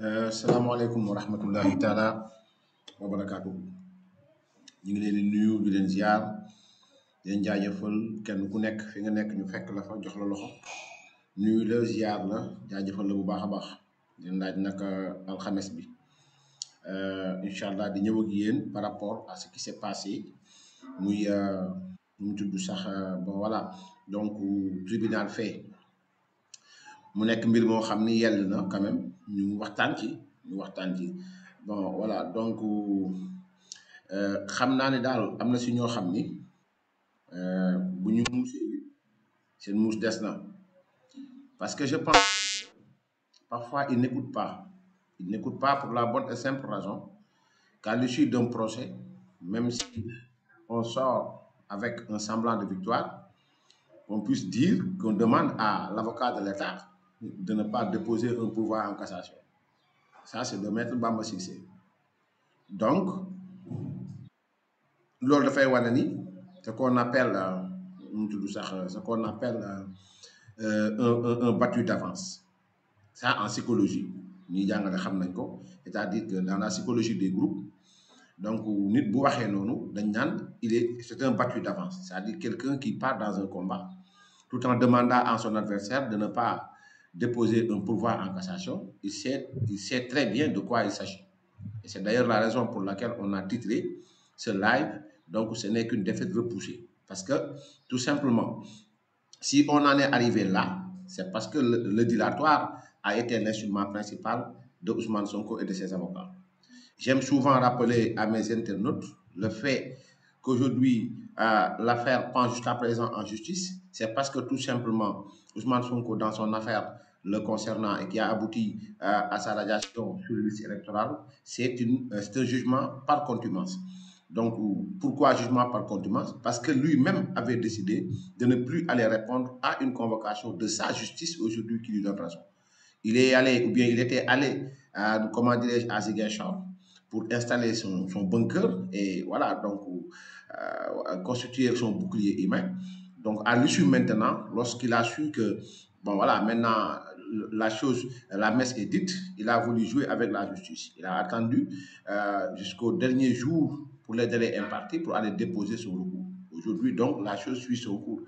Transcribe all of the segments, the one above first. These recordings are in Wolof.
Euh, salaamaaleykum wa rahmatullahi taala wa barakaatu ñu ngi leen nuyu di leen ziar di leen jaajëfal kenn ku nekk fi nga nekk ñu fekk la fa jox la loxo nuyu la ziar la jaajëfal la bu baax a baax di leen laaj nag euh, alxames bi euh, incha allah di ñëw ak yéen par rapport à ce qui s'est passé muy nu mu tudd sax ba voilà donc tribunal fait. mu nekk mbir moo xam ni yell na quand même ñu waxtaan ci ñu waxtaan ci bon voilà donc euh, xam naa ne daal am na si ñoo xam ni euh, bu ñu muusee seen muus des na parce que je pense que parfois ils n'écoutent pas ils n'écoutent pas pour la bonne et simple raison qu'à l'issue d'un procès même si on sort avec un semblant de victoire, on puisse dire qu'on demande à l'avocat de l'État de ne pas déposer un pouvoir en cassation. Ça, c'est de mettre Bamba Sissé. Donc, lors de faire Wanani, ce qu'on appelle euh, euh, ce qu'on appelle euh, un, battu d'avance ça en psychologie c'est-à-dire que dans la psychologie des groupes donc c'est un battu d'avance c'est-à-dire quelqu'un qui part dans un combat tout en demandant à son adversaire de ne pas déposer un pouvoir en cassation, il sait, il sait très bien de quoi il s'agit. Et c'est d'ailleurs la raison pour laquelle on a titré ce live, donc ce n'est qu'une défaite repoussée. Parce que, tout simplement, si on en est arrivé là, c'est parce que le, dilatoire a été l'instrument principal de Ousmane Sonko et de ses avocats. J'aime souvent rappeler à mes internautes le fait qu'aujourd'hui, euh, l'affaire pend jusqu'à présent en justice, c'est parce que tout simplement, Ousmane Sonko dans son affaire le concernant et qui a abouti euh, à sa radiation sur le liste électorale, euh, c'est un jugement par contumace. Donc, pourquoi jugement par contumace Parce que lui-même avait décidé de ne plus aller répondre à une convocation de sa justice aujourd'hui qui lui donne raison. Il est allé, ou bien il était allé, à, comment dirais-je, à Ziguinchor pour installer son, bunker et voilà, donc euh, constituer son bouclier humain. Donc, à l'issue maintenant, lorsqu'il a su que, bon voilà, maintenant, la chose, la messe est dite, il a voulu jouer avec la justice. Il a attendu euh, jusqu'au dernier jour pour les délais impartis pour aller déposer son recours. Aujourd'hui, donc, la chose suit son recours.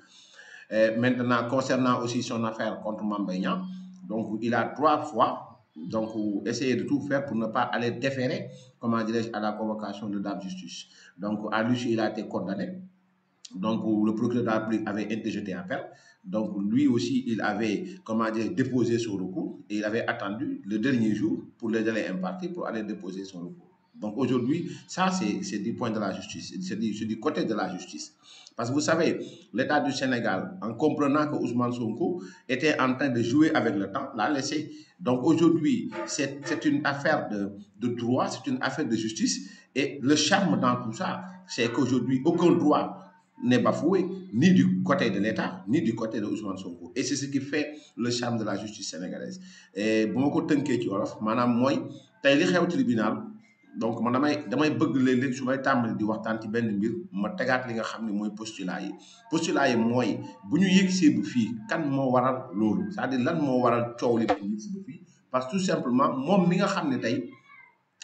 maintenant, concernant aussi son affaire contre Mambéignan, donc, il a trois fois donc, essayé de tout faire pour ne pas aller déférer, comment dirais-je, à la convocation de la justice. Donc, à l'issue, il a été condamné. Donc, le procureur de la République avait interjeté appel. Donc, lui aussi, il avait, comment dire, déposé son recours et il avait attendu le dernier jour pour les délai imparti pour aller déposer son recours. Donc, aujourd'hui, ça, c'est du point de la justice, c'est du, côté de la justice. Parce que vous savez, l'État du Sénégal, en comprenant que Ousmane Sonko était en train de jouer avec le temps, l'a laissé. Donc, aujourd'hui, c'est une affaire de, de droit, c'est une affaire de justice. Et le charme dans tout ça, c'est qu'aujourd'hui, aucun droit n'est pas foué ni du côté de l'État, ni du côté de Ousmane Sonko. Et c'est ce qui fait le charme de la justice sénégalaise. Et bon, je suis dit, madame, moi, je li au tribunal donc man damay damay bëgg tribunal. Je suis may au di je ci benn mbir ma tegaat li nga postulat postulat tribunal. Je suis kan waral c'est-à-dire lan waral parce que tout simplement moi mi nga ne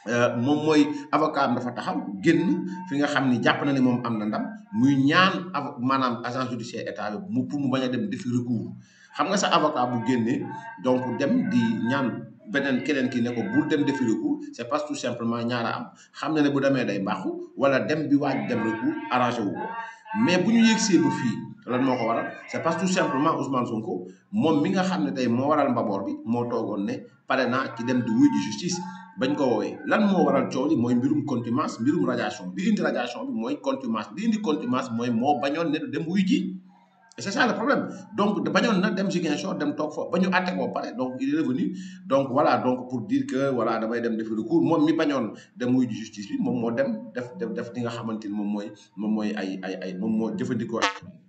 euh, mom moy avocat dafa taxaw génn fi nga xamni japp na ni mom am na ndam muy ñaan manam agent judiciaire état bi mu pour mu baña dem def recours xam nga sa avocat bu génnee donc dem di ñaan benen keneen ki ne ko bul dem defi recours c'est pas tout simplement ñaara am xam na ne bu demee day baxu wala dem bi waaj dem recours arrangé wu ko mais bu ñu yëgsee ba fii lan moo ko waral c'est pas tout simplement Ousmane Sonko moom mi nga xam ne tey moo waral mbaboor bi moo toogoon ne pare naa dem di wuy di justice bañ ko woowee lan moo waral coow li mooy mbirum contumance mbirum radiation bi indi radiation bi mooy contumance bi indi contumance mooy moo bañoon ne du dem wuy ji et c'est ça le problème donc bañoon na dem Ziguinchor dem toog foofu ba ñu àtte ko pare donc il est revenu donc voilà donc pour dire que voilà damay dem defi recours moom mi bañoon dem wuy ji justice bi moom moo dem def def def li nga xamante ni moom mooy moom mooy ay ay ay moom moo jëfandikoo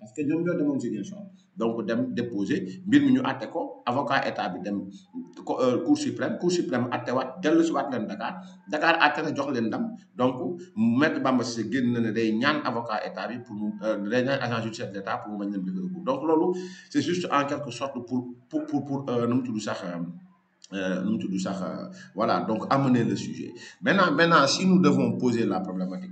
parce que ñoom ñoo demoon Ziguinchor donc dem déposer mbir mi ñu atté ko avocat état bi dem euh, cour suprême cour suprême atté waat dellu si waat leen Dakar Dakar atté na jox leen ndam donc maître Bamba Cissé génn na day ñaan avocat état bi pour euh, day ñaan agent judiciaire de l'État pour mu bañ leen def donc lolu c'est juste en quelque sorte pour pour pour pour euh, nu mu tudd sax euh, euh sax voilà donc amener le sujet maintenant maintenant si nous devons poser la problématique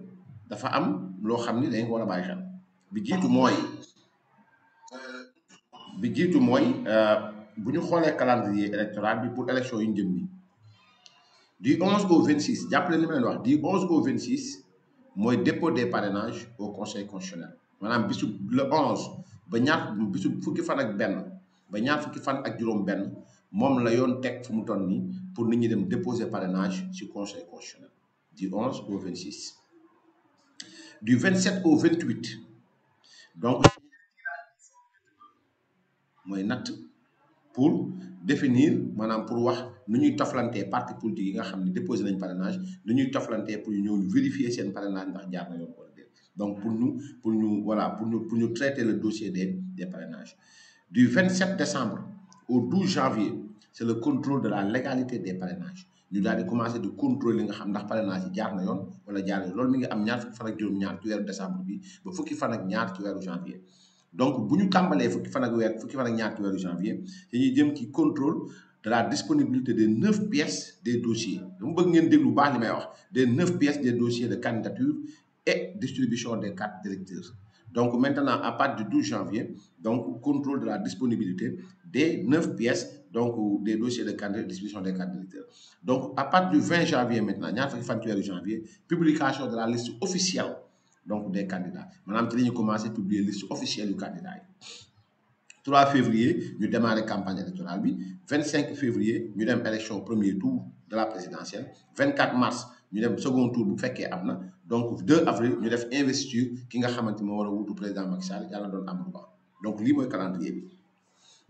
dafa am lo xamni dañ ko war bay bàyyi xel bi jiitu mooy bi jiitu moy euh buñu xolé calendrier électoral bi pour élection yu ñu ni du 11 au 26 jàppale li ma wax du 11 au 26 moy dépôt des parrainages au conseil constitutionnel manam bisu le 11 ba ñaar bisu fukki fan ak ben ba ñaar fukki fan ak juroom ben mom la yoon tek fu mu ton ni pour nit ñi dem déposer parrainage ci conseil constitutionnel du 11 au 26 du 27 au 28 donc pour définir pour voir nous nous parti politique yi nga déposé un parrainage nous pour vérifier ñu vérifier parrainage donc pour nous, pour nous voilà pour nous pour traiter le dossier des des parrainages du 27 décembre au 12 janvier c'est le contrôle de la légalité des parrainages ñu daal di commencé di contrôler nga xam ndax pare naa ci jaar na yoon wala jaar na loolu mi ngi am ñaar fukki fan ak juróom-ñaar ci weeru décembre bi ba fukki fan ak ñaar ci weeru janvier donc bu ñu tàmbalee fukki fan ak weer fukki fan ak ñaar ci weeru janvier dañuy jëm ci contrôle de la disponibilité des neuf pièces des dossiers dama bëgg ngeen déglu baax li may wax des neuf pièces des dossiers de candidature et distribution des cartes directeurs donc maintenant à partir du 12 janvier donc contrôle de la disponibilité des neuf pièces donc des dossiers de candidats disposition des candidats. Donc, à partir du 20 janvier maintenant, y y a le de janvier publication de la liste officielle donc des candidats Maintenant, ci commence à publier publier liste officielle du candidats 3 février nous démarrons la campagne électorale 25 février nous avons l'élection au premier tour de la présidentielle 24 mars nous avons le second tour pour faire donc 2 avril nous def investiture ki nga xamante moo président Macky Sall yàlla doon donc libre calendrier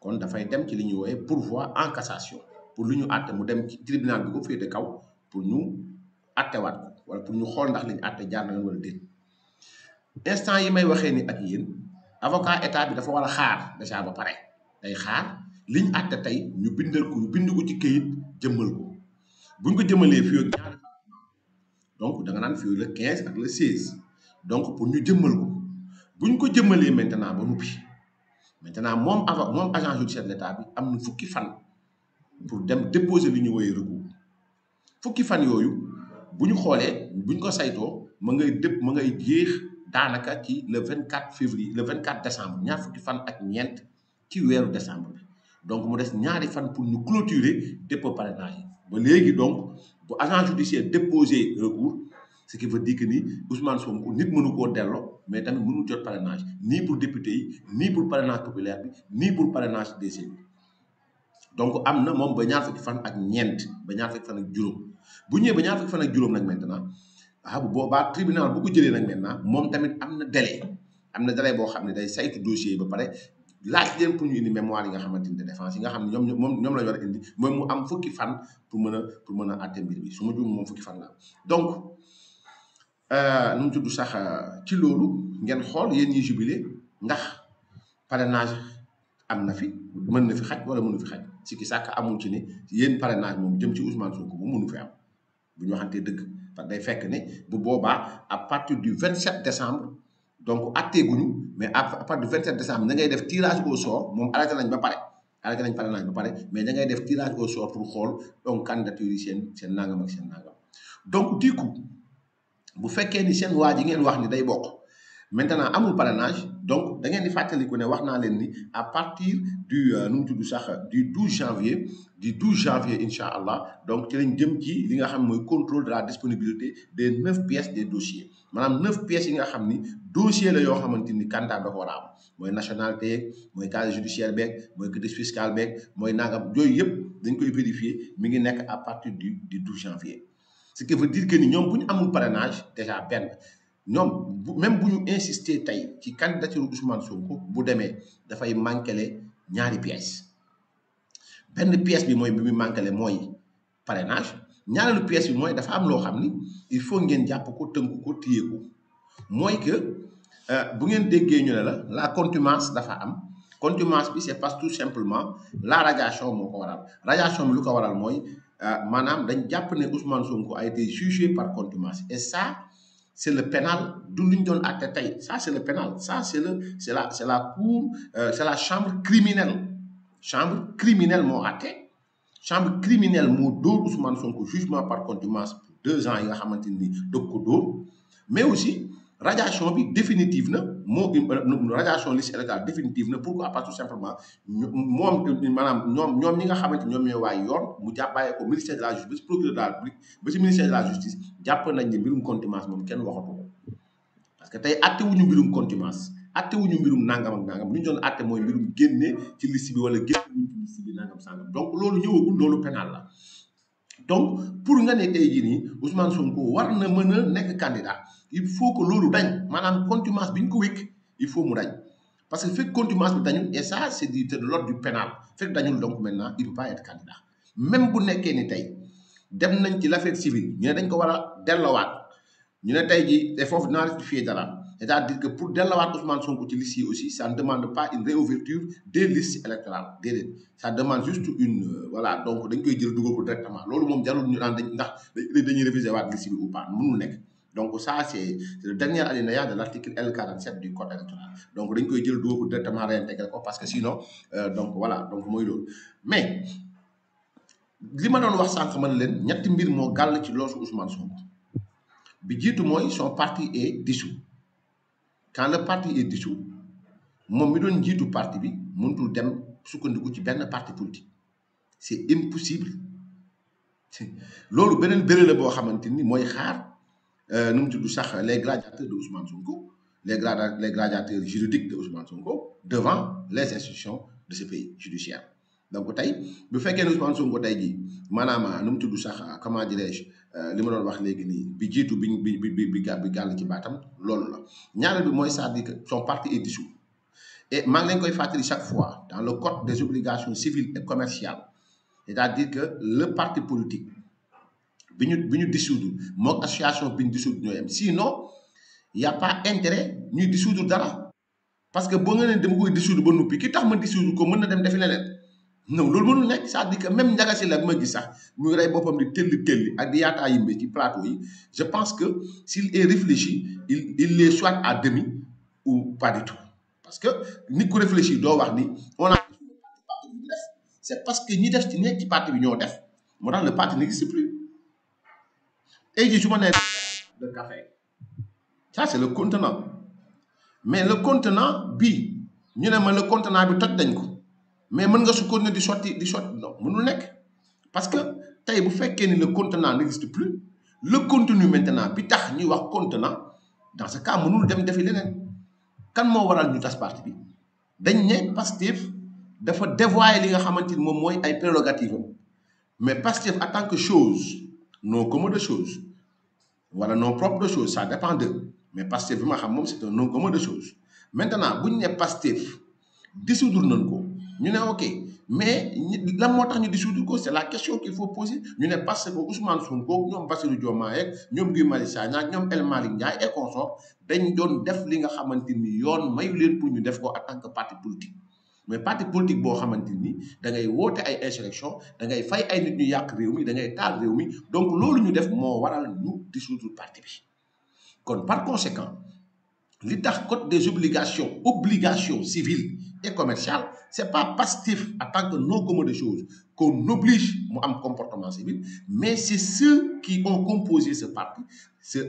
kon da fay dem ci li ñuy woowe pourvoi en cassation pour lu ñu àtte mu dem ci tribunal bi ko féete kaw pour ñu àttewaat ko wala pour ñu xol ndax li atté àtte jaar na yoon wala déet instant yi may waxé ni ak yeen avocat état bi dafa wara xaar déjà ba paré day xaar li atté tay ñu bindal ko ñu bind ko ci keuyit jëmmal ko buñ ko jëmmalé fi ak ñaar donc da nga naan fii le 15 ak le 16 donc pour ñu jëmmal ko buñ ko jëmmalé maintenant ba noppi maintenant moom avocat, agent judiciaire de l'État bi am na fukki fan pour déposer li ñu recours fukki fan qu'il bu ñu xoolee bu ñu ko saytoo ma ngay dëpp ma ngay le daanaka ci le 24 février le 24 décembre ñaar fukki fan ak ñeent ci weeru décembre bi donc mu des ñaari fan pour nous clôturer dépôt parrainage ba donc bu agent judiciaire déposé recours ce qui veut dire que ni Ousmane Sonko nit mënu koo delloo mais tamit mënul jot parrainage nii pour député yi nii pour parrainage nii pour parrainage DC bi donc am na moom ba ñaar fukki fan ak ñeent ba ñaar fukki fan juróom bu ñëwee ba fan juróom nag maintenant ah bu boobaa tribunal bu ko jëlee nag maintenant moom tamit am na délai na boo xam ne day saytu dossier yi pare laaj pour yi nga xamante ni de défense yi nga xam ne ñoom ñoom ñoom la ñu war am fukki fan pour mën a pour mën a mbir bi su ma juum moom fukki fan la donc. Euh, nu mu tudd sax euh, ci loolu ngeen xool yéen ñi jubilé ndax parrainage am na fi fi wala mënu fi ki amul ci parrainage moom jëm ci Ousmane mënu fi am bu ñu dëgg parce day bu à partir du 27 décembre donc guñu mais à partir du 27 décembre da ngay def tirage au sort moom arrêté nañ ba pare. arrêté nañ parrainage ba pare mais da ngay def tirage au sort pour xool donc candidature yi seen seen ak donc du coup bu fekkee ni seen waa ji ngeen wax ni day bokk maintenant amul parrainage donc da ngeen di fàttaliku ne wax naa leen ni à partir du euh, nu sax du 12 janvier du 12 janvier incha allah donc ci lañ jëm ci li nga xam mooy contrôle de la disponibilité des neuf pièces des dossiers maanaam neuf pièces yi nga xam ni dossier la yoo xamante ni candidat da ko war a am mooy nationalité mooy casier judiciaire beeg mooy fiscal beeg mooy nangam yooyu yëpp dañ koy vérifier mi ngi nekk à partir du du 12 janvier ce qui veut dire que nous avons parrainage déjà nous même si insister sur ci candidature Ousmane Sonko bu manquer ñaari pièces pièce bi manque bi parrainage Une pièce qui pièces il faut ngeen nous ko faire ko que euh, la la femme, la c'est tout simplement la radiation La euh, manam dañ japp né Ousmane Sonko a été jugé par contumace et ça c'est le pénal du ça c'est le pénal ça c'est le c'est la c'est la cour euh, c'est la chambre criminelle chambre criminelle mon àtte chambre criminelle mon dos, Ousmane Sonko jugement par contumace pour deux ans yi nga xamanteni de dog ko mais aussi radiation bi définitive na moo euh, radiation liste électorale définitive na pourquoi parce que simplement moom maanaam ñoom ñoom ñi nga xamante ñoom ñooy waaye yoon mu jàppaaye ko ministère de la justice ba ci procureur de la République ba ci ministère de la justice jàpp nañ ne mbirum contimence moom kenn waxatu ko parce que tey atte wuñu mbirum contumace atte mbirum nangam ak nangam lu ñu doon atte mooy mbirum génne ci liste bi wala génne wuñu ci liste nangam donc loolu ñëwagul loolu pénal la donc pour nga ne tey jii nii Ousmane Sonko war na mën a nekk candidat il faut que l'eau dañ madame contumace tu m'as ko il faut mourir parce que tu contumace et ça c'est de l'ordre du pénal donc maintenant il peut pas être candidat même bu ni dem nañ l'affaire civile ñu ne dañ ko On a ñu ne cest à que pour Ousmane Sonko aussi ça ne demande pas une réouverture des listes électorales ça demande juste une euh, voilà donc dañ koy jël directement pas donc ça c'est le dernier alinéa de l'article L47 du code électoral donc dañ koy jël doo directement parce que sinon euh, donc voilà donc ça. mais li ma wax man ñetti mbir ci Ousmane Sonko bi son parti est dissous quand le parti est dissous moom mi party. parti bi dem ci benn parti politique c'est impossible loolu beneen la euh, les gladiateurs de Ousmane Sonko les gladiateurs juridiques de Ousmane Sonko devant les institutions de ce pays judiciaire donc Ousmane Sonko euh, euh, comment dirais-je son parti est dissous et chaque fois dans le code des obligations civiles et commerciales c'est-à-dire que le parti politique pas dissoudre association bi dissoudre nous il sinon y' a pas intérêt nous dissoudre dara parce que si nga leen dissoudre nous ne ki tax ma dissoudre ko mën dem les non loolu mënul nous que même Nous Sylla bi ma gis ça muy di je pense que s'il est réfléchi il il les soit à demi ou pas du tout parce que ni qu'on réfléchi on a c'est parce que nous def parti bi le parti n'existe plus et je suis le café. Ça, c'est le contenant. Mais le contenant, bi, nous avons le contenant bi tot dañ ko. Mais mën nga soutenir di sorti di sortie, non, mënul nek. Parce que tay bu fekké ni le contenant n'existe plus, le contenu maintenant bi tax ñuy wax contenant, dans ce cas mënul dem defi leneen. Kan mo waral ñu tas parti bi? Dañ né Pastef dafa dévoyer li nga xamanteni mom moy ay prérogatives. Mais Pastef en tant que chose, non comme de choses, voilà, non propre de choses ça dépend d'eux mais Pasteur, c'est un nom de choses maintenant vous on ne Pastef dissoudre nañ ko ñu ok mais la montagne de ñu c'est la question qu'il faut poser Nous n'est pas Ousmane Sonko nous Bassirou nous ak ñoom nous sommes Sagna nous El Malik et consorts dañ doon def li nga nous pour nous def en tant que parti politique mais parti politique bo xamanteni da ngay a ay insurrection da ngay fay ay nit ñu yak réew mi da ngay tal réew mi donc lolu ñu def mo waral ñu dissoudre parti bi par conséquent li tax des obligations obligations civiles et commerciales c'est pas passif, en tant que non commun des choses qu'on oblige à un comportement civil mais c'est ceux qui ont composé ce parti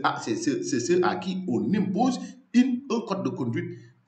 ah, c'est c'est ceux à qui on impose une un code de conduite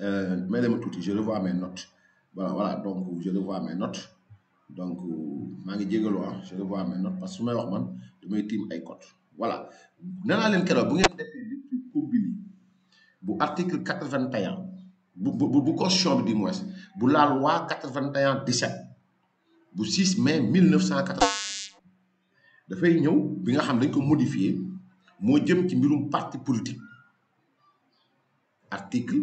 Euh, mais je revois mes notes voilà voilà donc je revois mes notes donc ah, je revois mes notes parce que wax man team voilà que bu article quatre bu bu de la loi quatre vingt 6 mai mille neuf cent quatre bi nga xam dañ ko jëm ci parti politique article.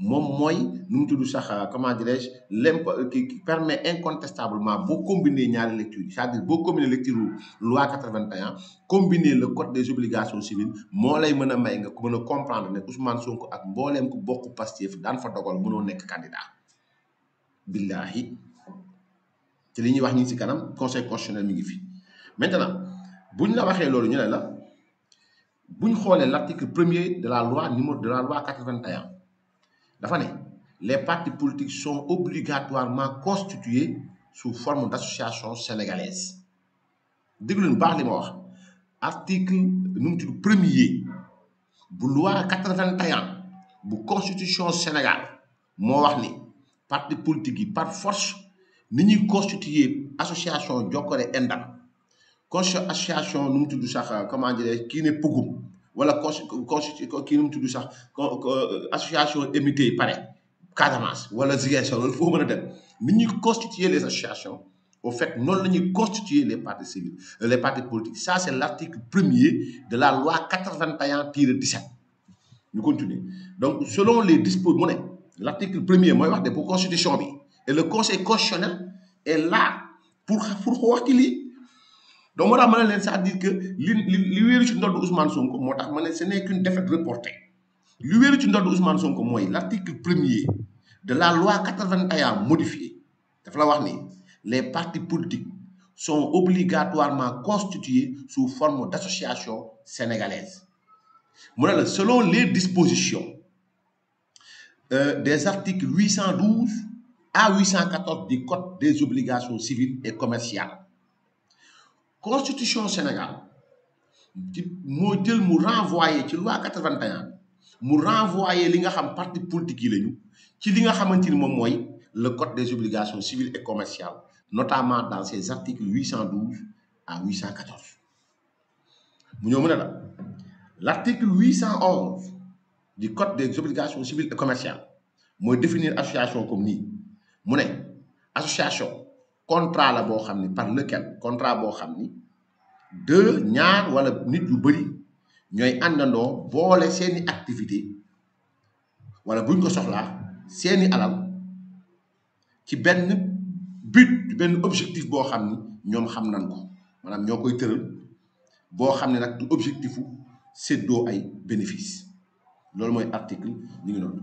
Mon moi nous mu tudd sax euh, comment dirais-je l'imp euh, qui permet incontestablement boo combiner ñaari lecture c'est-à-dire boo combiner lecture loi 81 combiner le code des obligations civiles moo lay mën a may nga comprendre ne Ousmane Sonko ak mbooleem ku bokk Pastef daan fa dogal mënoo nekk candidat billahi te li ni wax ñu ci kanam conseil constitutionnel mi ngi fi maintenant vous n'avez la waxee l'origine ñu vous la bu ñu premier de la loi numéro de la loi 81 les partis politiques sont obligatoirement constitués sous forme d'associations sénégalaises. Dès que baax li ma wax article numéro 1 loi 81, de constitution Sénégal moo wax ni parti politique par force ni avons constituer association Jokkale Endam. constitution association nu comment dire qui ne Pogum voilà constituer kii association émité yi pare le wala Ziguinchor loolu foo constituer les associations au fait nous nous constituer les partis civils euh, les partis politiques ça c'est l'article 1er premier de la loi 81 17 Nous continuons. donc selon les dispos l'article premier, moi, je premier moi, wax de bu constitution et le conseil constitutionnel est là pour pour wax y donc moo tax dire que Ousmane ce n'est qu'une défaite reportée L'article 1er l'article premier de la loi 81 modifiée les partis politiques sont obligatoirement constitués sous forme d'association sénégalaise selon les dispositions euh, des articles 812 à 814 du code des obligations civiles et commerciales constitution Sénégal ci moo jël mu renvoyé ci loi 81 mu renvoyé li nga parti politique qui lañu ci li le code des obligations civiles et commerciales notamment dans ses articles 812 à 814 l'article 811 du code des obligations civiles et commerciales qui définit association comme ni association contrat la par lequel contrat est xamni deux ñaar wala nit yu bari ñoy andando boole seeni activité wala buñ ko soxla seeni alal ci benn but benn objectif bo xamni ñom ñoom xam nañ ko manam ñokoy koy bo boo nak du objectifu séddoo ay bénéfice lool moy article ñu ngi noonu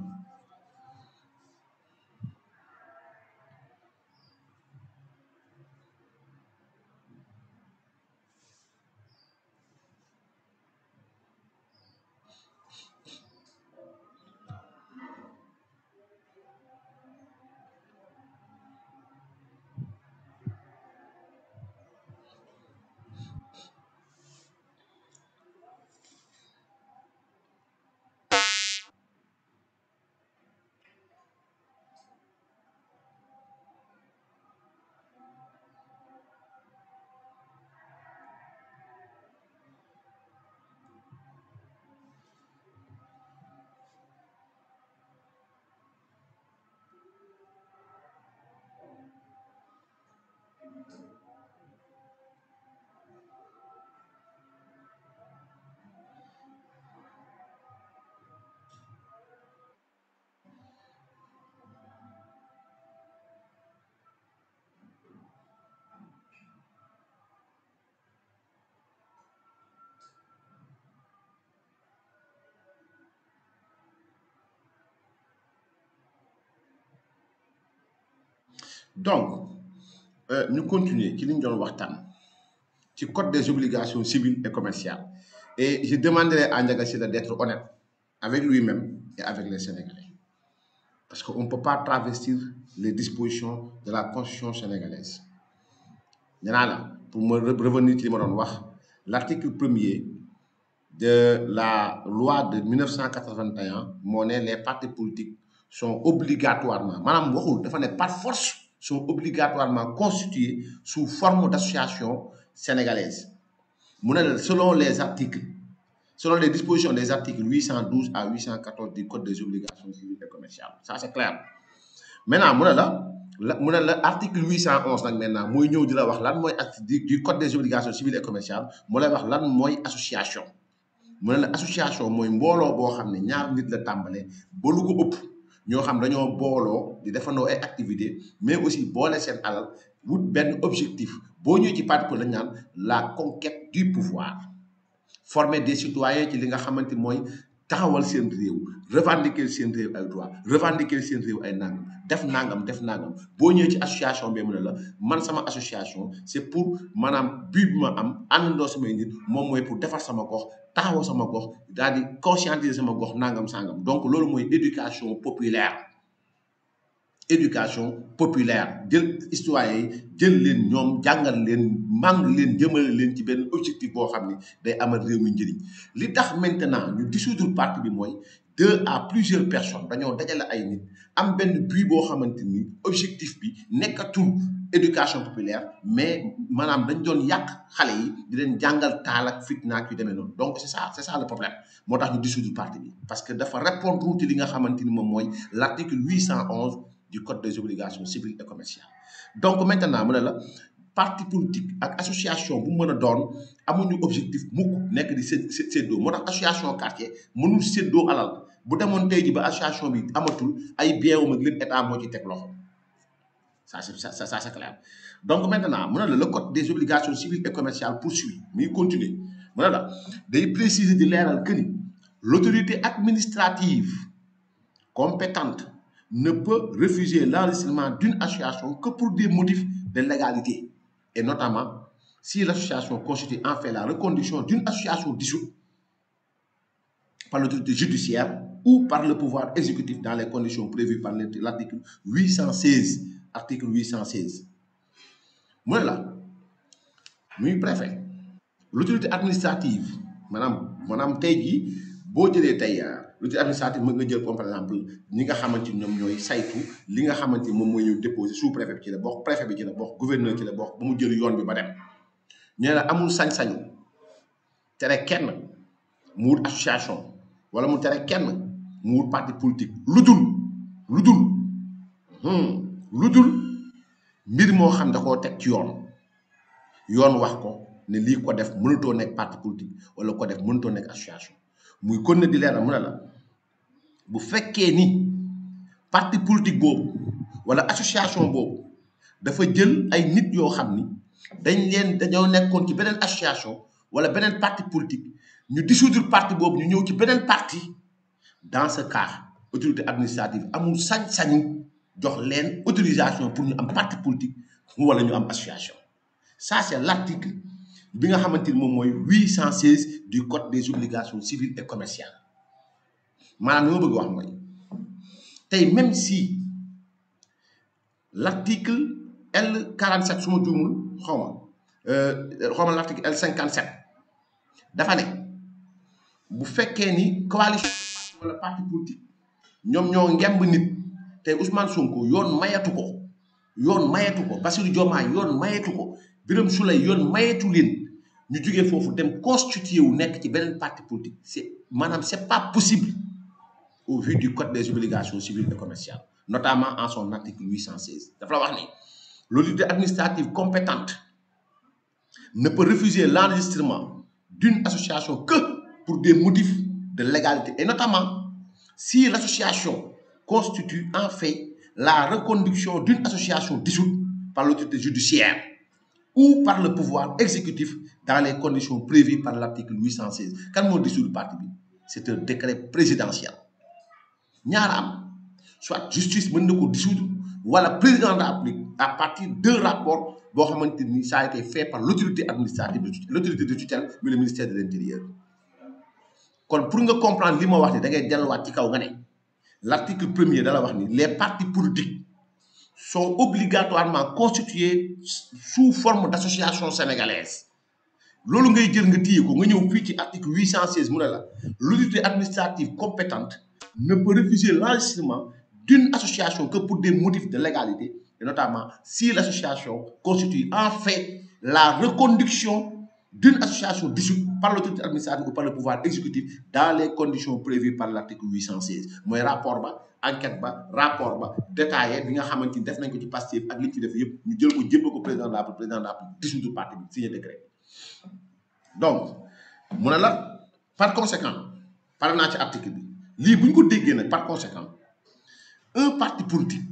Donc, nous euh, continuer qui nous donne code des obligations civiles et commerciales et je demanderai à Ndiaga d'être honnête avec lui-même et avec les Sénégalais parce qu'on ne peut pas travestir les dispositions de la constitution sénégalaise Maintenant, pour revenir sur ce l'article premier de la loi de 1981 monnaie les partis politiques sont obligatoirement Madame waxul dafa ne pas force sont obligatoirement constitués sous forme d'association sénégalaise. Selon les articles, selon les dispositions des articles 812 à 814 du Code des obligations civiles et commerciales. Ça, c'est clair. Maintenant, l'article 811, maintenant, du Code des obligations civiles et commerciales, c'est association. L'association, c'est l'association. association ñoo xam dañoo booloo di defandoo ay activités mais aussi boole seen alal wut benn objectif boo ñëwee ci parti politique lañ naan la conquête du pouvoir former des citoyens ci li nga xamante mooy taxawal seen réew revendiquer seen réew ay droit revendiquer seen réew ay nangam def nangam def nangam boo ñëwee ci association bi mu ne la man sama association c'est pour maanaam but bi ma am àndandoo samay nit moom mooy pour defar sama gox taxawal sama gox daal conscientiser sama gox nangam sangam donc loolu mooy éducation populaire éducation populaire De, citoyens de, jël leen ñoom jàngal leen màng leen jëmale leen ci benn objectif boo xam ni day amal réew mi njëriñ li tax maintenant ñu dissoudre parti bi mooy deux à plusieurs personnes dañoo dajale ay nit am ben but boo xamante objectif bi tout éducation populaire mais Madame dañ doon yàq xale yi di leen jàngal taal ak fitna yu donc c'est ça c'est ça le problème moo tax ñu dissoudre parti bi parce que dafa répondre ci li nga xamante ni moom l'article 811 du code des obligations civiles et commerciales donc maintenant le la parti politique ak association bu me a un objectif mukk nekk di ces deux. Mon association quartier mënul séddoo alal bu demoon tey ji association bi amatul ay bien wu mag lépp état moo ci teg ça c'est ça ça clair donc maintenant le code des obligations civiles et commerciales poursuit mais il continue. Il précise de l'air que l'autorité administrative compétente ne peut refuser l'enregistrement d'une association que pour des motifs de légalité, et notamment si l'association constitue en fait la reconduction d'une association dissoute par l'autorité judiciaire ou par le pouvoir exécutif dans les conditions prévues par l'article 816. Article 816. Moi là, préfet l'autorité administrative Mme madame boo jëlee tey euh, lu l'autorité administrative mën nga jël comme par exemple ñi nga xamante ni ñoom ñooy saytu li nga xamante ni moom mooy ñëw déposé sous préfet bi ci la bokk préfet bi ci la bokk gouverneur ci la bokk ba mu jël yoon bi ba dem ñu ne la amul sañ-sañu tere kenn mu wut association wala mu tere kenn mu wut parti politique lu dul lu dul hmm, lu mbir moo xam da koo teg ci yoon yoon wax ko ne lii ko def mënatoo nekk parti politique wala ko def mënatoo nekk association muy kon di leeral mu ne la bu fekkee ni parti politique boobu wala association boobu dafa jël ay nit yoo xam ni dañ leen dañoo nekkoon ci beneen association wala beneen parti politique ñu dissoudre parti boobu ñu ñëw ci beneen parti dans ce cas autorité administrative amul sañ-sañu jox leen autorisation pour ñu am parti politique wala ñu am association ça c'est l'article bi nga xamante ni moom 816 du code des obligations civiles et commerciales maanaam li ma bëgg wax mooy tey même si l'article L 47 su ma juumul xaw ma euh, l'article L 57 dafa ne bu fekkee ni coalition wala parti politique ñoom ñoo ngemb nit tey Ousmane Sonko yoon mayatu ko yoon mayatu ko Bassirou Diomaye yoon mayatu ko Birame Souleye yoon mayatu leen nous devons fofu dem constituer ou être ci partie parti politique c'est ce c'est pas possible au vu du code des obligations civiles et commerciales notamment en son article 816 wax ni l'autorité administrative compétente ne peut refuser l'enregistrement d'une association que pour des motifs de légalité et notamment si l'association constitue en fait la reconduction d'une association dissoute par l'autorité judiciaire ou par le pouvoir exécutif dans les conditions prévues par l'article 816 Quand on dissout le parti c'est un décret présidentiel Nyaram, am soit justice mën na ko dissoudre wala président de la à partir d'un rapport ça a été fait par l'autorité administrative l'autorité de tutelle mais le ministère de l'intérieur pour nous comprendre li wax ni da l'article premier er les partis politiques sont obligatoirement constitués sous forme d'association sénégalaise ngay jël nga nga 816 l'autorité administrative compétente ne peut refuser l'enregistrement d'une association que pour des motifs de légalité et notamment si l'association constitue en fait la reconduction d'une association dissoute par l'autorité administrative ou par le pouvoir exécutif dans les conditions prévues par l'article 816 Mon rapport enquête ba rapport ba détaillé bi nga xamante def nañ ko ci Pastef ak li ci def yépp ñu jël ko jébbal ko président de la République président de la République dissoudre parti bi signé décret donc mu ne la par conséquent pare naa ci article bi lii bu ñu ko déggee nag par conséquent un parti politique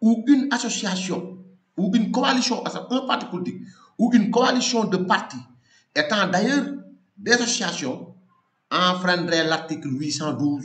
ou une association ou une coalition un parti politique ou une coalition de partis étant d'ailleurs des associations enfreindrait l'article 812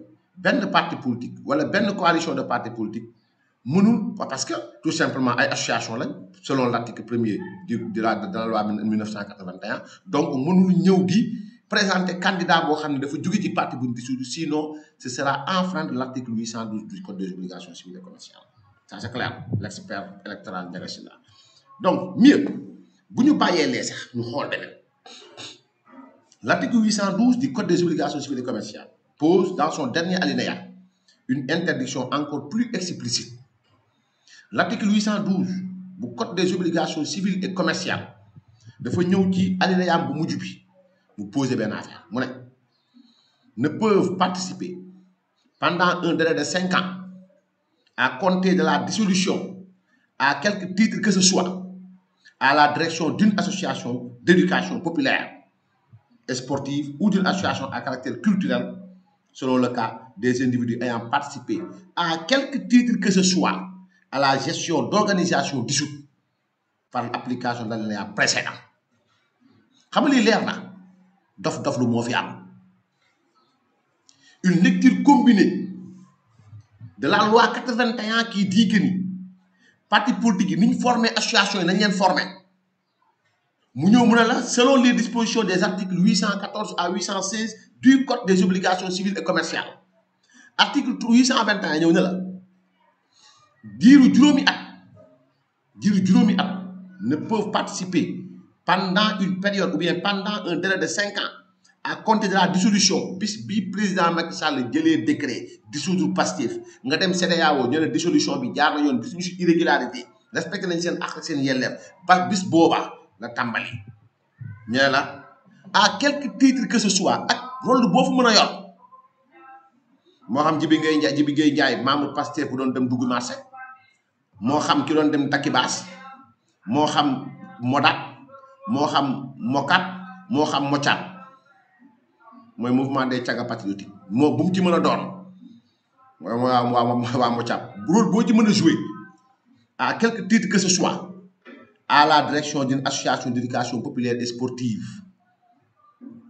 benn parti politique wala benn coalition de parti politique mënul parce que tout simplement ay association selon l'article premier du de la de loi 1981 donc mënul ñëw di présenter candidat boo xam ne dafa jóge ci parti sinon ce sera enfreint de l'article 812 du code des obligations civiles et commerciales ça c'est clair l'expert électoral de donc mieux bu nous bàyyee lee sax ñu xool beneen l'article 812 du code des obligations civiles et commerciales pose dans son dernier alinéa une interdiction encore plus explicite. L'article 812 du code des obligations civiles et commerciales de alinéa bu poser ne peuvent participer pendant un délai de 5 ans à compter de la dissolution à quelque titre que ce soit à la direction d'une association d'éducation populaire et sportive ou d'une association à caractère culturel selon le cas des individus ayant participé à quelque titre que ce soit à la gestion d'organisations dissoutes par l'application de la précédent précédente. savez ce dof dof une lecture combinée de la loi 81 qui dit que les partis politique qui ni formé association et qui selon les dispositions des articles 814 à 816 du code des obligations civiles et commerciales article 821 ne la ne peuvent participer pendant une période ou bien pendant un délai de 5 ans à compter de la dissolution bis le président Macky Sall décret dissoudre dissolution irrégularité la tambali ñu la à quelque titre que ce soit ak rôle bo fu mën yor mo xam jibi ngay njaay jibi ngay njaay membre pasteur bu doon dem dugg marché mo xam ki doon dem takibas mo xam modat mo xam mokat mo xam mochat moy mouvement des tiaga patriotique mo bu mu ci mën doon mooy wa wa wa mochat rôle bo ci mën jouer a quelque titre que ce soit à la direction d'une association d'éducation populaire et sportive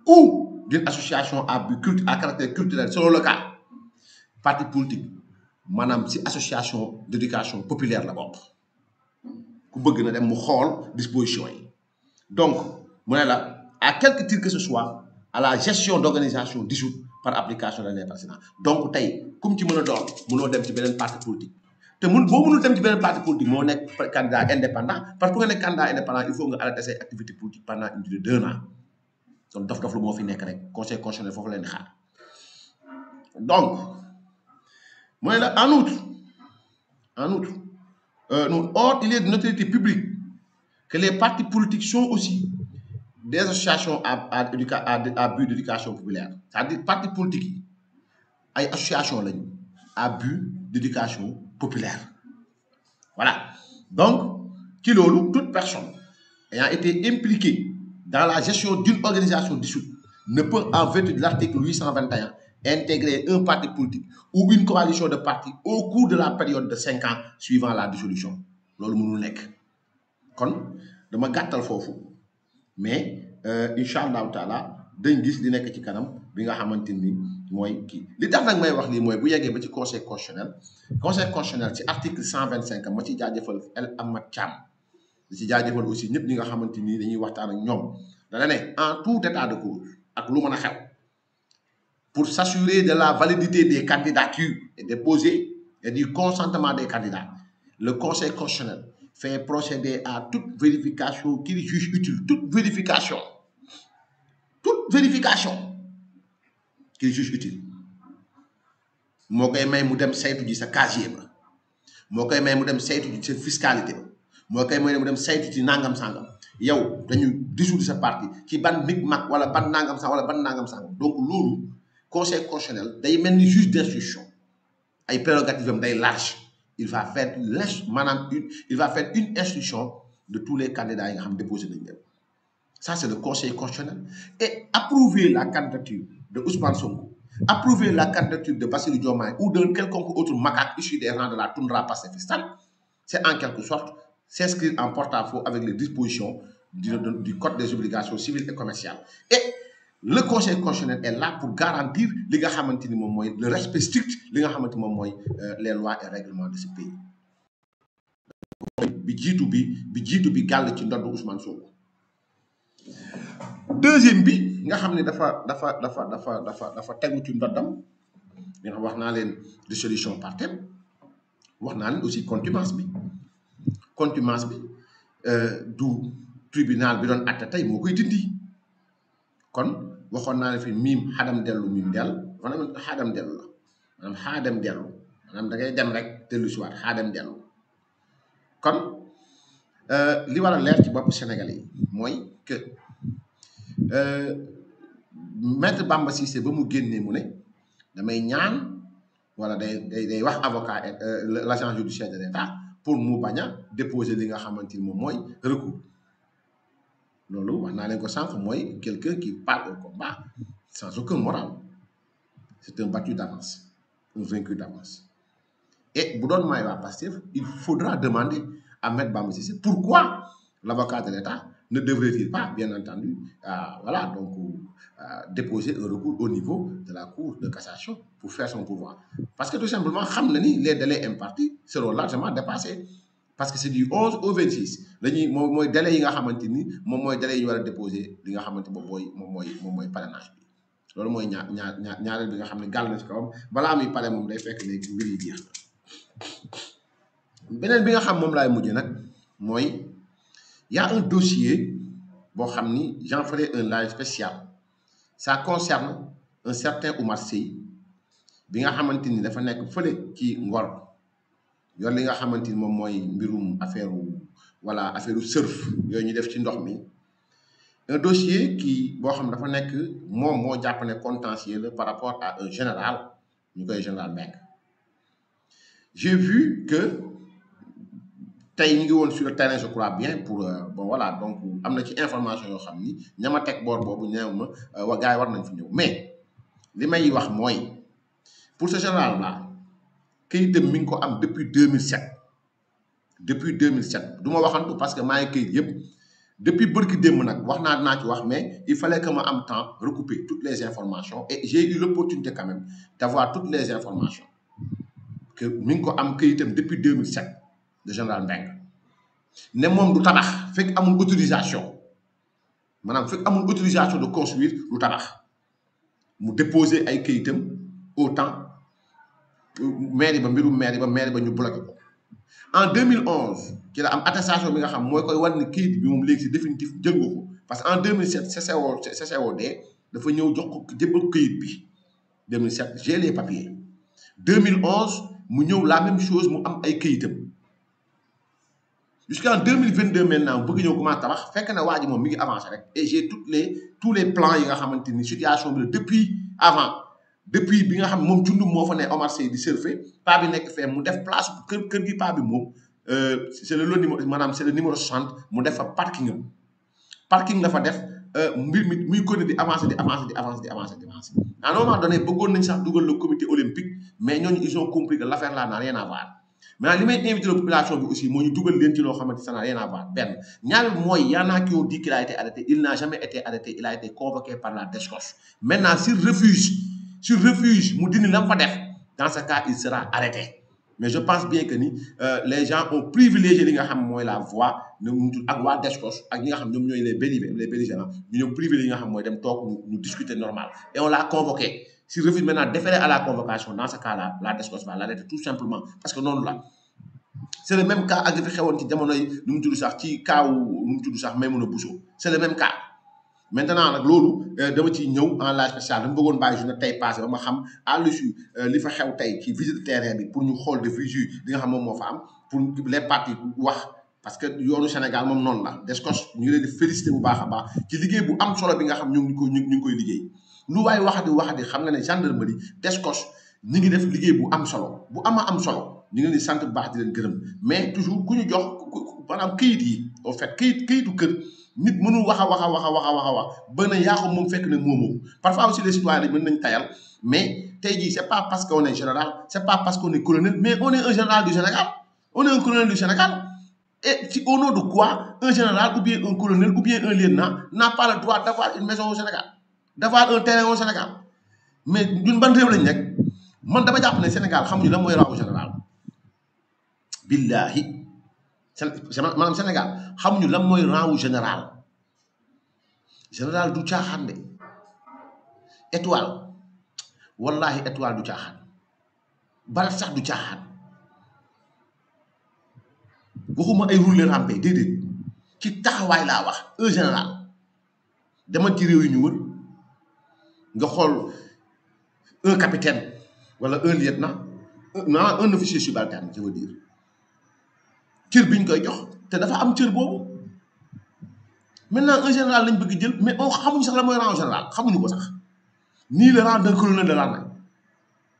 ou d'une association à caractère culturel selon le cas parti politique c'est c'est association d'éducation populaire la bas ku bëgg na dem mu disposition donc à quelque titre que ce soit à la gestion d'organisation dissoute par application de l'année loi donc comme ci le donnes, doon mënoo dem ci un parti politique te mun boo mënul dem ci parti politique moo nekk candidat indépendant parce que nga nekk candidat indépendant il faut nga arrêter say activité politique pendant une durée deux ans donc daf dof lu moo fi nekk rek conseil constitutionnel foofu leen di xaar donc la en outre en outre euh, non or il est de notoriété publique que les partis politiques sont aussi des associations à à à but d'éducation populaire c'est-à-dire partis politiques sont des association à but d'éducation voilà donc ci loolu toute personne ayant été impliquée dans la gestion d'une organisation dissoute ne peut en vertu de l'article 821 intégrer un parti politique ou une coalition de partis au cours de la période de 5 ans suivant la dissolution loolu mënul nekk kon dama gàttal foofu mais euh, incha allahu taala dañ d'un li nekk ci kanam bi nga moy ki li tax nak may wax li moy bu yeggee ba ci conseil constitutionnel conseil constitutionnel ci article 125 vingt cinq ma ci jaajëfal El Amath cham di ci jaajëfal aussi ñepp ñi nga xamante dañuy waxtaan ak ñoom dana né en tout état de cause ak lu mëna xew pour s'assurer de la validité des candidatures et déposées et du consentement des candidats le conseil constitutionnel fait procéder à toute vérification qu'il juge utile toute vérification toute vérification qu'il juge utile moo may mu dem saytu ji sa casier ba moo may mu dem saytu ji sa fiscalité ba moo koy may mu dem saytu ci nangam sangam yow dañu dissoudre sa parti ki ban mig mag wala ban nangam sang wala ban nangam sangam donc lolu conseil constitutionnel day melni juge d'instruction ay prérogatives day large il va faire les maanaam une il va faire une instruction de tous les candidats yi nga xam déposé nañu leen ça c'est le conseil constitutionnel et approuver la candidature de Ousmane Sonko, approuver la candidature de Basile Diomaye ou d'un quelconque autre macaque issu des rangs de la toundra Passe-Festal, c'est en quelque sorte s'inscrire en porte-à-faux avec les dispositions du, Code des obligations civiles et commerciales. Et le Conseil constitutionnel est là pour garantir le respect strict euh, les lois et règlements de ce pays. bi bi bi deuxième bi nga xamné dafa dafa dafa dafa dafa dafa tegu ci ndoddam li nga wax naa leen dissolution par thème wax naa leen aussi contumace bi contumace bi euh du tribunal bi doon atta tay moo dindi kon waxon na ne fi mim hadam delu miim del maanaam hadam delu la maanaam xaadam dellu maanaam da ngay dem rek delu ci wat hadam delu kon euh li war a leer ci bop Sénégalais moy que euh, maître Bamba Cissé ba nous génnee ne damay ñaan wala des day euh, euh, judiciaire de l'État pour nous déposer li nga xamante mon moi recours lolo on a ko quelqu'un qui parle au combat sans aucun moral c'est un battu d'avance un vaincu d'avance et pour doon may il faudra demander à maître Bamba Cissé pourquoi l'avocat de l'État ne devrait-il pas, ah. bien entendu, euh, voilà, donc, euh, déposer un recours au niveau de la Cour de cassation pour faire son pouvoir Parce que tout simplement, les délais impartis seront largement dépassés. parce que c'est du 11 au 26 la délai yi nga xamante ni moom délai yi ñu war li nga xamante moom mooy parrainage ñaar ñaar bi nga ne gàll kawam day il y a un dossier, bon, j'en ferai un live spécial. Ça concerne un certain Oumar Sey, bi nga xamante ni dafa nekk fële ci Ngor yor li nga xamante ni moom mooy mbirum affaire wala affaire surf yooyu ñu def ci ndox mi un dossier qui boo xam dafa nekk moom moo jàpp contentieux la par rapport à un général ñu général Mbengue j'ai vu que sur le terrain je crois bien pour euh, bon voilà donc amener des informations information familles xam ni ñama teg boor boobu ñëw euh, wa gars mais pour ce général là qui est de minko am depuis 2007 depuis 2007 du ma dire parce que maa ngi këyit depuis le début, nag wax naa mais il fallait que ma am temps recouper toutes les informations et j'ai eu l'opportunité quand même d'avoir toutes les informations que mi ngi depuis 2007 de général Mbengue ne moom du tabax fekk amul autorisation maanaam fekk amul autorisation de construire du tabax mu déposer ay kayitam autant. temps euh, mairie ba mbirum mairie ba mairie ba ñu bloqué ko en 2011 ci la am attestation bi nga xam mooy koy war kayit bi moom léegi définitif jël ko parce que en 2007 CCO CCOD dafa ñëw jox ko jëbbal kayit bi 2007 j'ai les papiers 2011 mu ñëw la même chose mu am ay kayitam jusqu'en 2022 maintenant bëgg et j'ai les tous les plans situation depuis avant depuis place euh, c'est le numéro c'est le numéro 60 parking parking la euh, avancer avancer avancer avancer à un moment donné le comité olympique mais ils ont compris que l'affaire là n'a rien à voir mais li may invité la population aussi moo ñu dugal leen ci lo xamante ça n'a rien à voir benn y en a qui ont dit qu'il a été arrêté il n'a jamais été arrêté il a été convoqué par la DSCOS maintenant s'il refuse s'il refuse mu dindi lam fa def dans ce cas il sera arrêté mais je pense bien que ni euh, les gens ont privilégié li nga xam moy la voix ñu ak wa Descos ak nga xam ñom ñoy les belligérants les belligérants ñu privilégié yi nga xam moy dem toog ñu discuter normal et on l'a convoqué s'il refuse maintenant d'effectuer à la convocation, dans ce cas-là, la descosse va l'arrêter tout simplement. Parce que non, là, c'est le même cas agrippé xewoon ci jamono yi nu mu tudd sax ci kaawu nu mu tudd sax Maimouna Bousso c'est le même cas maintenant nag loolu euh, dama ci ñëw en live spécial dama bëggoon bàyyi journée tey passé ba ma xam à l'issue euh, li fa xew tey ci visite terrain bi pour ñu xool de visu li nga xam moom moo fa am pour les parties wax parce que yoonu Sénégal mom non la DSCOS ñu ngi leen féliciter bu baaxa a baax ci liggéey bu am solo bi nga xam ñu ngi ko ñu koy liggéey lu waaye wax di wax di xam nga ne gendarmerie DSCOS ñi ngi def liggéey bu am solo bu ama am solo ñu ngi leen di sant bu baax di leen gërëm mais toujours ku ñu jox maanaam kayit yi au fait kayit kayitu kër nit mënul wax a wax a wax a wax a wax a wax ba ne yaa ko moom fekk ne moomoo parfois aussi les citoyens mën nañ tayal mais tey jii c'est pas parce que on est général c'est pas parce que on est colonel mais on est un général du Sénégal on est un colonel du Sénégal et si au nom de quoi un général ou bien un colonel ou bien un lieutenant n'a pas le droit d'avoir une maison au Sénégal d'avoir un terrain au Sénégal mais ñun ban réew lañ nekk man dama jàpp ne Sénégal xamuñu lan mooy raawu général billahi maanaam xamuñu lan mooy raawu général général du caaxaan de étoile wallahi étoile du caaxaan barat sax du caaxaan waxuma ay rouler rampé déedéet ci taxawaay laa wax un général dama ci réew ñu nga xool un capitaine wala un lieutenant na un officier subalterne je veux dire cër bi ñu koy jox te dafa am cër boobu maintenant un général lañ bëgg jël mais on xamuñ sax la mooy rang général ko sax nii le rang d'un colonel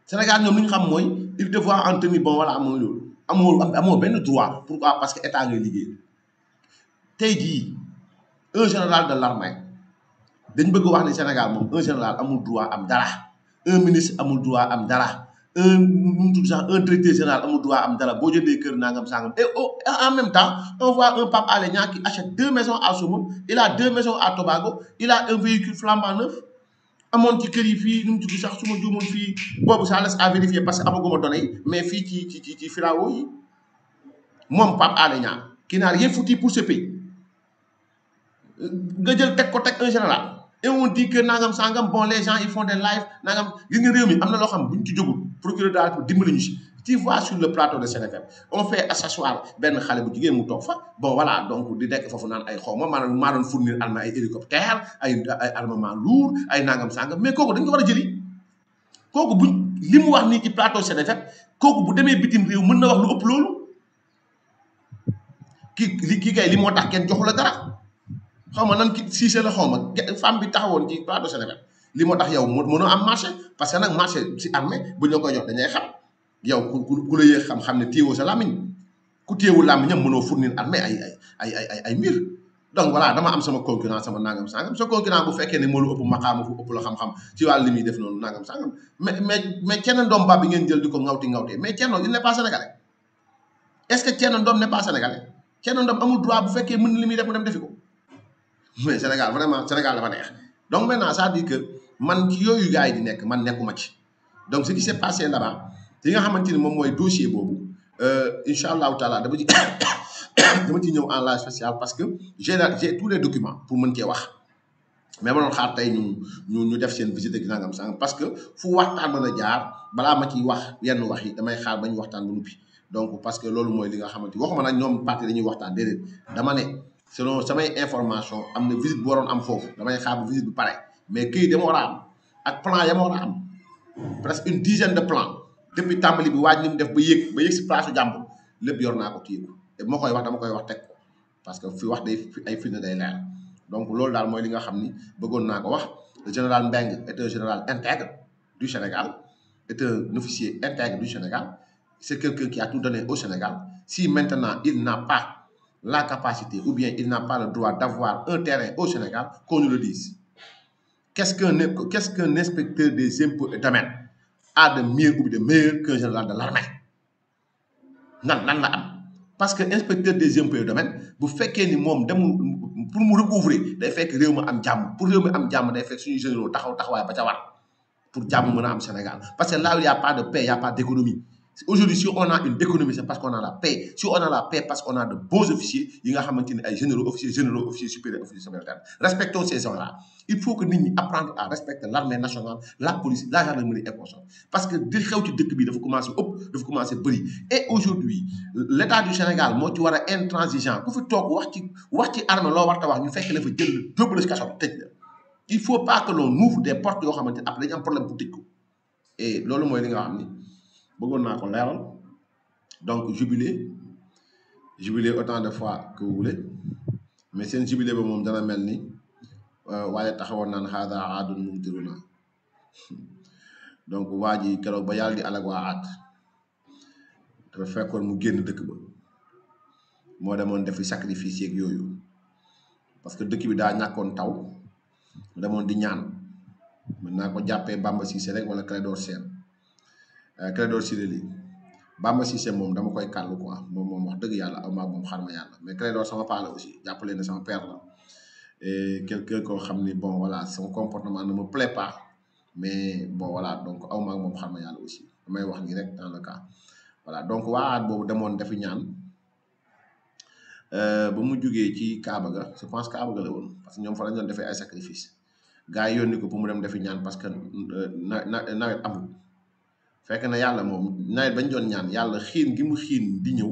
Sénégal ñoom li ñu xam mooy il devoir en tenir bon wala amoo loolu amoo benn droit pourquoi parce que état ngay liggéey tey jii un général de l'armée dañ bëgg wax ni Sénégal moom un général amul droit am dara un ministre amul droit am dara un nu tudd sax un directeur général amul droit am dara boo jëndee kër nangam sangam et en même temps on voit un Pape Alé Niang qui a deux maisons un véhicule flambant neuf amoon ci kër yi fii nu mu sax su ma juumoon fii boobu ça laisse à que amaguma données yi mais fii ci ci ci ci filao yi moom Pape Alé Niang qui n'a pour ce nga jël teg ko teg un général. et on dit que nangam sangam bon les gens ils font des lives nangam gis nga réew mi xam buñ ci tu vois sur le plateau de Sénégal on fait asseoir ben xalé bu jigen mu tok fa bon voilà donc di nek fofu nan ay ma fournir alma ay hélicoptère ay ay armement lourd ay nangam sangam mais dit, dañ ko wara jëli buñ wax ci plateau Sénégal bu démé bitim rew wax lu upp ki ki kay li tax dara xawma nan ki sisé la xawma femme bi taxawon ci plateau sénégal li mo tax yow mëno am marché parce que nak marché ci armée bu ñoko jox dañay xam yow ku la yéex xam xam ne téewoo sa lamine ku téewul lamine mënoo fournir armée ay ay ay ay ay mir donc voilà dama am sama concurrent sama nangam sangam sa concurrent bu fekké ni mo lu upp maqaama fu upp lo xam-xam ci wal limi def non nangam sangam mais mais mais kenn doom ba bi ngeen jël diko ngawti ngawti mais kenn il n'est pas sénégalais est ce que kenn ndom n'est pas sénégalais kenn ndom amul droit bu fekké mën limi def mu dem defiko mais Sénégal vraiment Sénégal dafa neex donc maintenant man ci yooyu gars yi di nekk man nekkuma ci donc ce qui s'est passé là-bas nga xamante ni moom mooy dossier boobu euh, incha allahu taala dama ci dama ci ñëw en live spécial parce que j'ai j'ai tous les documents pour mën cee wax mais ma doon xaar tey ñu ñu def seen visite ak nangam sangam parce que fu waxtaan mën a jaar balaa ma ciy wax yenn wax yi damay xaar ba ñu waxtaan ba noppi donc parce que loolu mooy li nga xamante waxuma nag ñoom parti dañuy waxtaan déedéet dama ne. selon samay information am visite bu waroon am fofu damay xaar visite bu pare mais kii demo war am ak plan yamo ma am presque une dizaine de plans depuis tambali bi waaj li def ba yek ba yéeg place su lepp lépp yor naa ko et ko te wax dama koy wax tek parce que fi wax day ay firnde day leer donc loolu dal moy li nga xamni beugon nako wax le général mbeng est un général intègre du Sénégal est un officier intègre du Sénégal c'est quelqu'un qui a tout donné au Sénégal si maintenant il n'a pas la capacité ou bien il n'a pas le droit d'avoir un terrain au Sénégal, qu'on nous le dise. Qu'est-ce qu'un inspecteur des impôts et domaines a de mieux ou de meilleur qu'un général de l'armée Non, non, non. Parce que inspecteur des impôts et domaines, vous faites que mom pour me recouvrir, il fait que que am jàmm pour réew am jàmm il fait suñu généraux taxaw taxawaay ba ca pour jàmm mën am Sénégal parce que là il n'y a pas de paix il n'y a pas d'économie aujourd'hui si on a une économie c'est parce qu'on a la paix si on a la paix parce qu'on a de beaux officiers il y a ne ay généraux officiers généraux officiers supérieurs officiers subalternes respectons ces gens-là il faut que nous apprenions à respecter l'armée nationale la police la gendarmerie et consorts parce que di xew ci dëkk bi dafa commencé vous dafa à briller. et aujourd'hui l'état du Sénégal moi, ci vois a intransigeant Quand tu vois wax ci wax ci armée vois, tu vois, tu ñu fekk la fa jël yóbbu la si Il ne faut pas que l'on ouvre des portes yoo xamante après un am problème politique. ko et loolu mooy li nga xam donc jubilé jubilé autant de fois que vous voulez mais seen jubilé ba moom dana mel ni euh, waaye taxawoon naan aadun mumtiruna donc waa ji keroog ba yàlla di alag waa mu dëkk ba sacrifice parce que dëkk bi daa ñàkkoon taw demoon di ñaan mën naa ko jàppee Bamba Cissé rek wala Clédor eh, Ciré Ly Bamba Cissé mom dama koy kallu quoi mom mom wax deug yalla am mom xarma yalla mais Clédor sama pa la aussi jappalé na sama père la et quelqu'un ko xamni bon voilà son comportement ne me plaît pas mais bon voilà donc aw mom xarma yalla aussi damay wax ni rek dans le cas voilà donc waat bobu demone dafi ñaan euh ba mu joggé ci kaaba ga je pense kaaba ga la won parce que ñom fa lañ doon défé ay sacrifice gaay yoniko ko pour mu dem defi ñaan parce que euh, na na amul fekk na yàlla moom nawet bañ doon ñaan yàlla xiin gi mu xiin di ñëw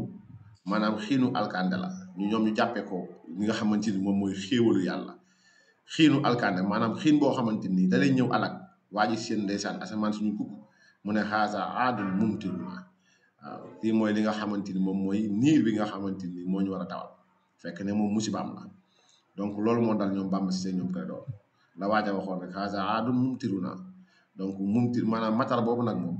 maanaam xiinu alkande la ñu ñoom ñu jàppee ko ñi nga xamante ni moom mooy xéewalu yàlla xiinu alkande maanaam xiin boo xamante ni da lay ñëw alak waa ji seen ndeysaan asamaan suñu kukk mu ne xaasa aadul mumtiruna mooy li nga xamante ni moom mooy niir bi nga xamante ni moo ñu war a tawal fekk ne moom musibaam la donc loolu moo dal ñoom Bamba Cissé ñoom Clédor la waaj a waxoon rek xaasa aadul mumtiruna donc mumtir maanaam matar boobu nag moom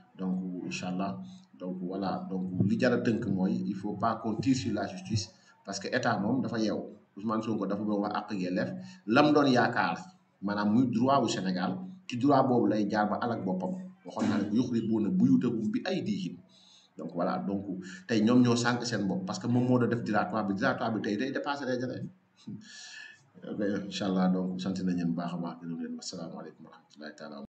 donc incha donc voilà donc li jar teunk moy il faut pas qu'on tire sur la justice parce que état moom dafa yew Ousmane Sonko dafa bëgg wax ak yelef lam doon yaakaar manam muy droit au Sénégal ci droit bobu lay jaar ba alak boppam waxoon naa ne bu yuxribuuna buyuutahum bi aydiihim donc voilà donc tay ñom ñoo sank sen bop parce que mom mo do def dilatoire bi dilatoire bi tey day dépassé day jëlee ok incha donc sant nañ baax baax di leen wasalaamaaleykum wa rahmatullahi taala